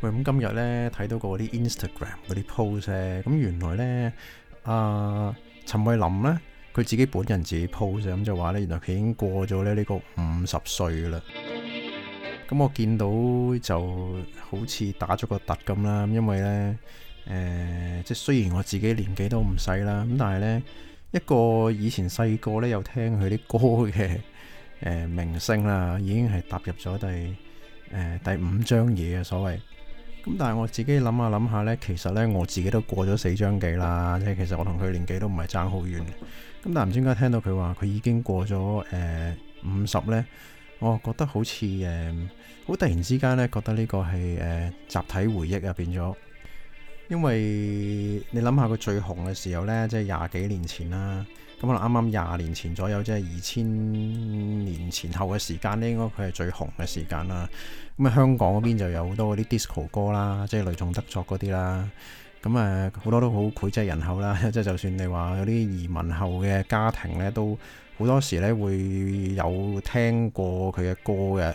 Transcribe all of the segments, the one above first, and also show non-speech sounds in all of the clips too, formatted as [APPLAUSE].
喂，咁今日咧睇到個啲 Instagram 嗰啲 post 咧，咁原來咧阿陳慧琳咧佢自己本人自己 post 咁就話咧，原來佢已經過咗咧呢個五十歲啦。咁我見到就好似打咗個突咁啦，咁因為咧誒，即係雖然我自己年紀都唔細啦，咁但係咧一個以前細個咧又聽佢啲歌嘅誒明星啦，已經係踏入咗第誒第五張嘢嘅所謂。咁但係我自己諗下諗下呢，其實呢，我自己都過咗四張幾啦即係其實我同佢年紀都唔係爭好遠。咁但係唔知點解聽到佢話佢已經過咗誒五十呢，呃、50, 我覺得好似誒好突然之間呢，覺得呢個係、呃、集體回憶啊變咗。因為你諗下佢最紅嘅時候呢，即係廿幾年前啦，咁可能啱啱廿年前左右，即係二千年前後嘅時間咧，應該佢係最紅嘅時間啦。咁、嗯、啊，香港嗰邊就有好多嗰啲 disco 歌啦，即係雷頌德作嗰啲啦。咁、嗯、誒，好多都好膾炙人口啦，即係就算你話有啲移民後嘅家庭呢，都好多時呢會有聽過佢嘅歌嘅。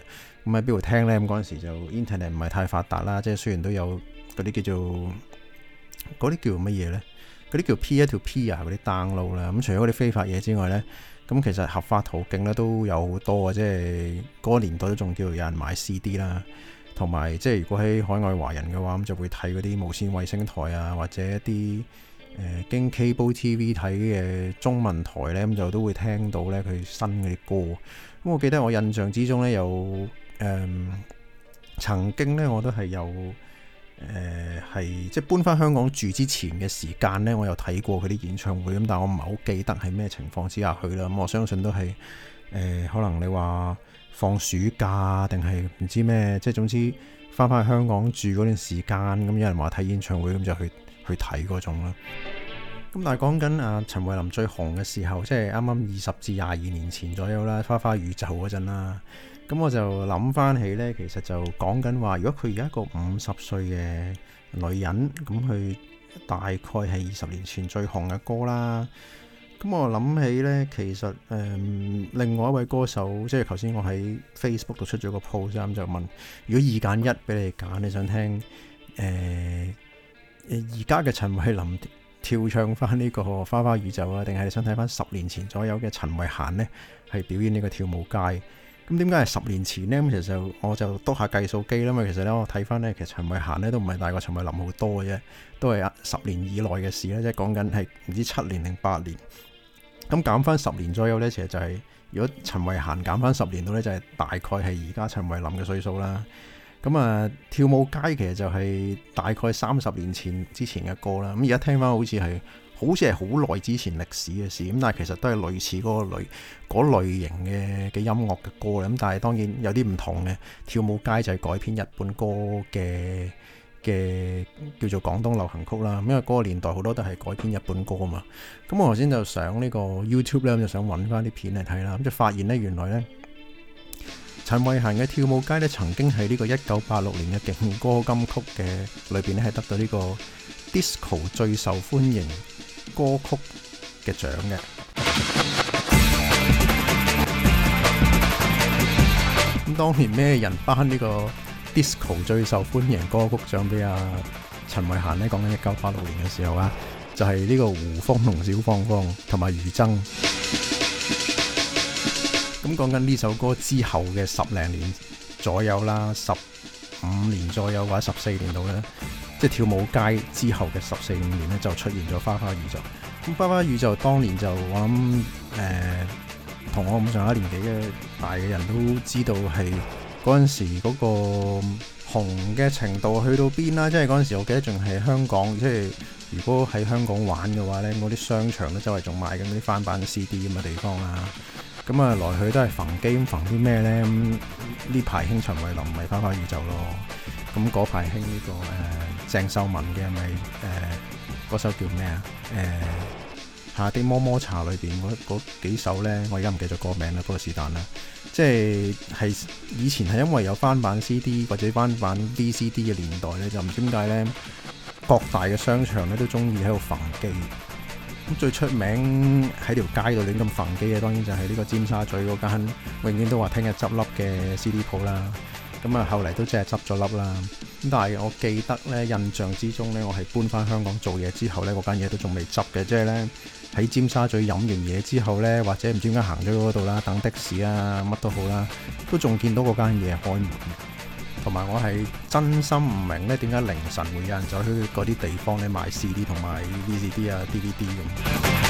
咁喺邊度聽呢？咁嗰陣時就 internet 唔係太發達啦，即係雖然都有嗰啲叫做。嗰啲叫乜嘢呢？嗰啲叫 P 一條 P 啊，嗰啲 download 啦。咁除咗啲非法嘢之外呢，咁其實合法途徑咧都有好多呀。即係嗰個年代都仲叫有人買 CD 啦，同埋即係如果喺海外華人嘅話，咁就會睇嗰啲無線衛星台啊，或者一啲誒、呃、經 cable TV 睇嘅中文台呢，咁就都會聽到呢佢新嗰啲歌。咁我記得我印象之中呢，有誒、嗯、曾經呢，我都係有。誒係、呃、即係搬翻香港住之前嘅時間呢，我有睇過佢啲演唱會咁，但係我唔係好記得係咩情況之下去啦。咁、嗯、我相信都係誒、呃，可能你話放暑假定係唔知咩，即係總之翻返去香港住嗰段時間，咁、嗯、有人話睇演唱會咁就去去睇嗰種啦。咁、嗯、但係講緊阿陳慧琳最紅嘅時候，即係啱啱二十至廿二年前左右啦，《花花宇宙》嗰陣啦。咁我就諗翻起呢，其實就講緊話，如果佢而家個五十歲嘅女人咁，佢大概係二十年前最紅嘅歌啦。咁我諗起呢，其實誒、嗯，另外一位歌手，即係頭先我喺 Facebook 度出咗個 post，就問，如果二揀一俾你揀，你想聽誒而家嘅陳慧琳跳唱翻呢個《花花宇宙》啊，定係你想睇翻十年前左右嘅陳慧嫻呢？係表演呢個跳舞街？」咁點解係十年前呢？咁其實我就篤下計數機啦嘛。其實咧，我睇翻咧，其實陳慧嫻咧都唔係大過陳慧琳好多嘅啫，都係啊十年以內嘅事咧，即係講緊係唔知七年定八年咁，減翻十年左右咧，其實就係、是、如果陳慧嫻減翻十年到咧，就係、是、大概係而家陳慧琳嘅歲數啦。咁、嗯、啊，跳舞街其實就係大概三十年前之前嘅歌啦。咁而家聽翻好似係。好似係好耐之前歷史嘅事咁，但係其實都係類似嗰個類嗰類型嘅嘅音樂嘅歌。咁但係當然有啲唔同嘅《跳舞街》就係改編日本歌嘅嘅叫做廣東流行曲啦。因為嗰個年代好多都係改編日本歌啊嘛。咁我頭先就上呢個 YouTube 咧，咁就想揾翻啲片嚟睇啦。咁就發現呢，原來呢陳慧嫻嘅《跳舞街》呢，曾經喺呢個一九八六年嘅勁歌金曲嘅裏邊呢，係得到呢個 disco 最受歡迎。歌曲嘅獎嘅，咁當年咩人頒呢個 disco 最受歡迎歌曲獎俾阿陳慧嫻呢，講緊一九八六年嘅時候啊，就係呢個胡楓同小芳芳同埋余錚。咁講緊呢首歌之後嘅十零年左右啦，十五年左右或者十四年度咧。即係跳舞街之後嘅十四五年咧，就出現咗《花花宇宙》。咁《花花宇宙》當年就我諗誒，同、呃、我咁上下年紀嘅大嘅人都知道係嗰陣時嗰個紅嘅程度去到邊啦、啊。即係嗰陣時，我記得仲係香港，即係如果喺香港玩嘅話咧，嗰啲商場咧周圍仲賣緊嗰啲翻版嘅 CD 咁嘅地方啦、啊。咁啊來去都係逢機逢啲咩咧？呢排興陳慧琳，咪《花花宇宙》咯。咁嗰排興呢個誒、呃、鄭秀文嘅咪誒嗰首叫咩啊？誒喺啲摩摩茶裏邊嗰幾首咧，我而家唔記得歌名啦，不過是但啦。即係係以前係因為有翻版 CD 或者翻版 VCD 嘅年代咧，就唔知點解咧，各大嘅商場咧都中意喺度焚機。咁最出名喺條街度亂咁焚機嘅，當然就係呢個尖沙咀嗰間永遠都話聽日執笠嘅 CD 鋪啦。咁啊，後嚟都即係執咗粒啦。咁但係我記得咧，印象之中咧，我係搬翻香港做嘢之後呢，嗰間嘢都仲未執嘅，即係呢，喺尖沙咀飲完嘢之後呢，或者唔知點解行咗嗰度啦，等的士啊，乜都好啦，都仲見到嗰間嘢開門。同埋我係真心唔明呢，點解凌晨會有人走去嗰啲地方呢，買 C D 同埋 V C D 啊、D V D 咁。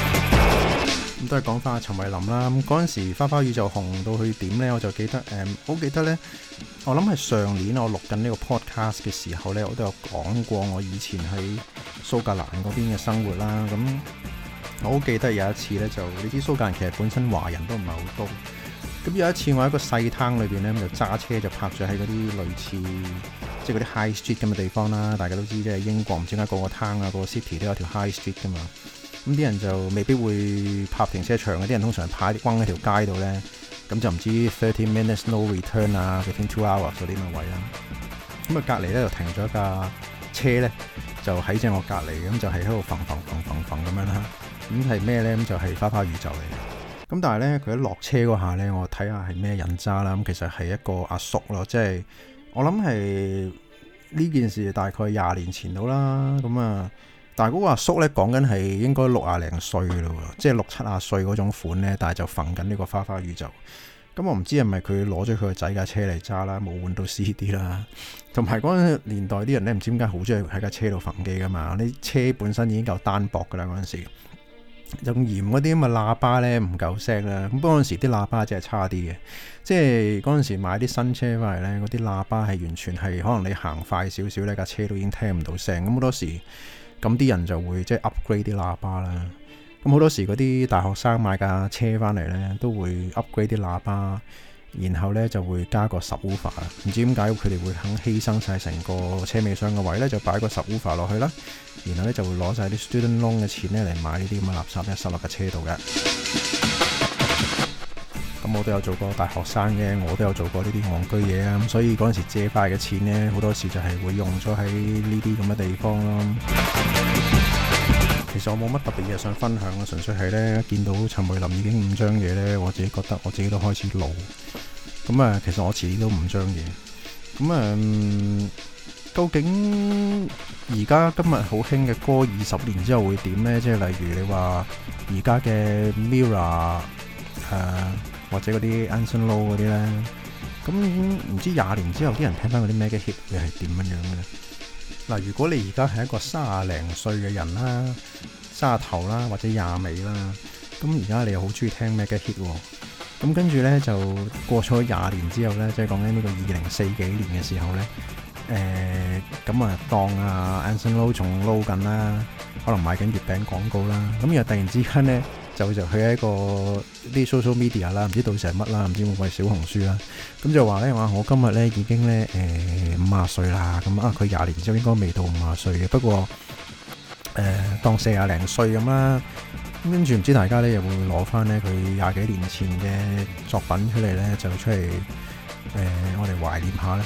咁都係講翻阿陳慧琳啦，咁嗰陣時花花宇宙就紅到去點咧？我就記得，誒、嗯，好記得咧。我諗係上年我錄緊呢個 podcast 嘅時候咧，我都有講過我以前喺蘇格蘭嗰邊嘅生活啦。咁我好記得有一次咧，就呢啲蘇格蘭其實本身華人都唔係好多。咁有一次我喺個細 town 裏邊咧，就揸車就泊咗喺嗰啲類似即係嗰啲 high street 咁嘅地方啦。大家都知即係英國，唔知解嗰個 town 啊，嗰個 city 都有條 high street 噶嘛。咁啲人就未必會泊停車場，啲人通常泊啲關喺條街度咧。咁就唔知 thirty minutes no return 啊，between two hours 嗰啲嘅位啦。咁啊，隔離咧就停咗一架車咧，就喺正我隔離，咁就係喺度馴馴馴馴馴咁樣啦。咁係咩咧？咁就係花花宇宙嚟嘅。咁但係咧，佢一落車嗰下咧，我睇下係咩人渣啦。咁其實係一個阿叔咯，即係我諗係呢件事大概廿年前到啦。咁啊～但係嗰個阿叔咧，講緊係應該六啊零歲咯，即係六七啊歲嗰種款咧。但係就瞓緊呢個花花宇宙咁、嗯，我唔知係咪佢攞咗佢個仔架車嚟揸啦，冇換到 C D 啦。同埋嗰陣年代啲人咧，唔知點解好鍾意喺架車度瞓機噶嘛？啲車本身已經夠單薄噶啦，嗰陣時仲嫌嗰啲咁嘅喇叭咧唔夠聲啦。咁嗰陣時啲喇叭真係差啲嘅，即係嗰陣時買啲新車翻嚟咧，嗰啲喇叭係完全係可能你行快少少咧，架車都已經聽唔到聲咁好多時。咁啲人就會即係 upgrade 啲喇叭啦。咁好多時嗰啲大學生買架車翻嚟呢，都會 upgrade 啲喇叭，然後呢就會加個十五 woofer。唔知點解佢哋會肯犧牲晒成個車尾箱嘅位呢，就擺個十五 woofer 落去啦。然後呢就會攞晒啲 student loan 嘅錢呢嚟買呢啲咁嘅垃圾咧塞落架車度嘅。嗯、我都有做過大學生嘅，我都有做過呢啲憨居嘢啊。咁所以嗰陣時借翻嘅錢呢，好多時就係會用咗喺呢啲咁嘅地方咯。 [MUSIC] 其實我冇乜特別嘢想分享啊，純粹係咧見到陳慧琳已經五張嘢呢，我自己覺得我自己都開始老咁啊。其實我自己都五張嘢咁啊。究竟而家今日好興嘅歌二十年之後會點呢？即、就、係、是、例如你話而家嘅 Mirror 誒、呃。或者嗰啲 Anson Lo 嗰啲咧，咁、嗯、唔知廿年之後啲人聽翻嗰啲咩嘅 hit 會係點樣樣嘅咧？嗱、啊，如果你而家係一個卅零歲嘅人啦，卅頭啦或者廿尾啦，咁而家你又好中意聽咩嘅 hit 喎？咁跟住咧就過咗廿年之後咧，即係講緊呢個二零四幾年嘅時候咧，誒咁啊當啊 Anson Lo 仲 low 緊啦，可能買緊月餅廣告啦，咁、嗯、又突然之間咧～就就去喺個啲 social media 啦，唔知到成乜啦，唔知冇計小紅書啦。咁就話咧話，我今日咧已經咧誒五廿歲啦。咁啊，佢廿年之後應該未到五啊歲嘅。不過誒當四啊零歲咁啦。咁跟住唔知大家咧又會攞翻咧佢廿幾年前嘅作品出嚟咧，就出嚟誒我哋懷念下咧。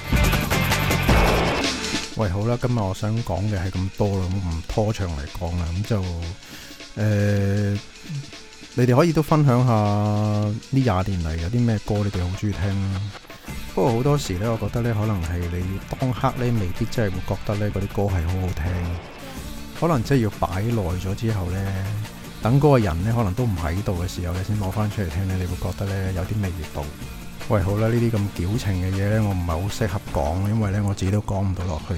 喂，好啦，今日我想講嘅係咁多啦，唔拖長嚟講啦，咁就。誒、呃，你哋可以都分享下呢廿年嚟，有啲咩歌你哋好中意聽。不過好多時咧，我覺得咧，可能係你當刻咧，未必真係會覺得咧嗰啲歌係好好聽。可能真係要擺耐咗之後咧，等嗰個人咧可能都唔喺度嘅時候，你先攞翻出嚟聽咧，你會覺得咧有啲味味道。喂，好啦，呢啲咁矯情嘅嘢咧，我唔係好適合講，因為咧我自己都講唔到落去。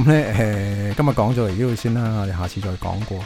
咁咧，誒、呃，今日講咗嚟呢度先啦，我哋下次再講過。